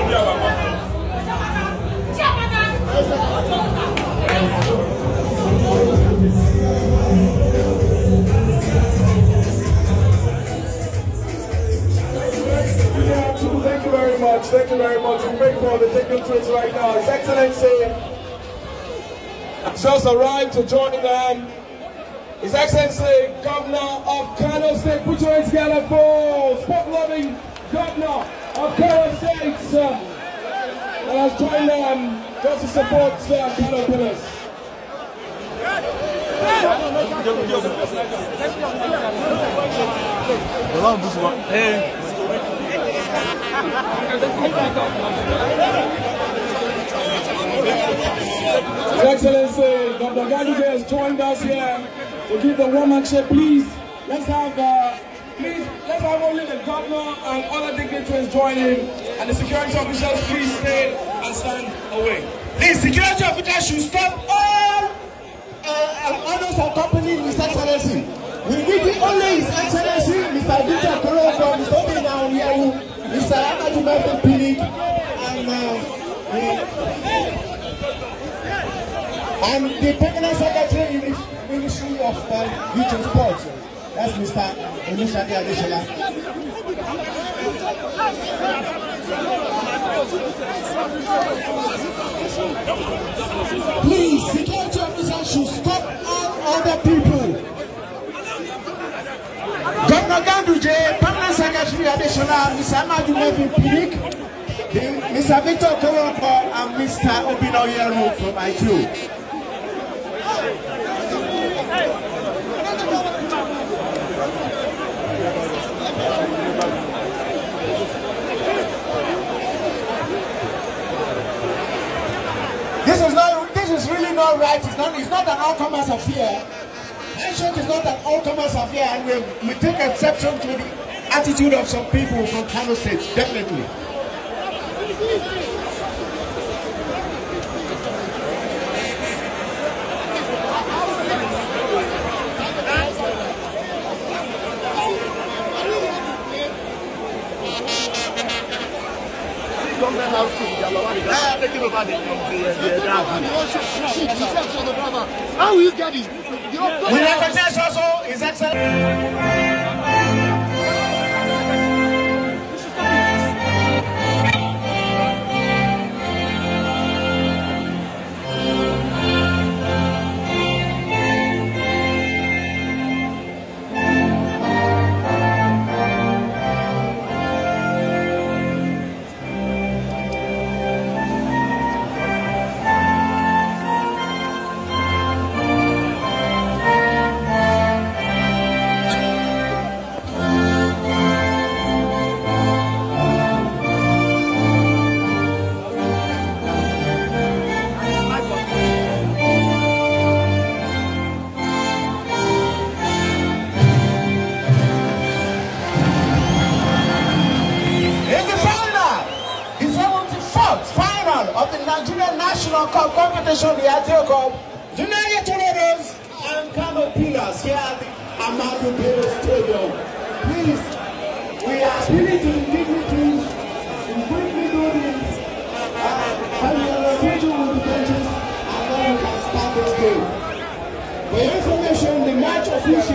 Thank you very much. Thank you very much. We pray for the dignitaries right now. His Excellency just arrived to join them. His Excellency, Governor of Kano State. Put your hands together for sport-loving Governor of Kano States. and I was trying um, just to support uh, Caterpillars. I love this one. Hey. His Excellency, Dr. Gadige has joined us here to give the womanship. Please, let's have, uh, please, let's have only the governor and other dignitaries join him and the security officials please stay and stand away. The security officials should stop all uh, honors uh, accompanying Mr. Excellency. We need only His Excellency, Mr. Victor Koroko, Mr. Obina Onyewu, Mr. Akadu Mefin Pilik, and, uh, and the Permanent Secretary in the Ministry of uh, Youth and Sports. That's Mr. Olusade Adeshola. Please, the county officer should stop all other people. Governor Ganduje, Permanent Secretary Additional, Mr. Amadou Mevin Pirik, Mr. Victor Koroko, and Mr. Obino from IQ. This is not. This is really not right. It's not. It's not an all-comers affair. Handshake is not an all affair, and we, we take exception to the attitude of some people from Kano State, definitely. come house to the How will you get it? We recognize also His Excellency. of the Nigerian National Cup competition, the Ateo Cup, United Tornadoes and Kano Pillars here at the Amadu Bello Stadium. Please, we are pleading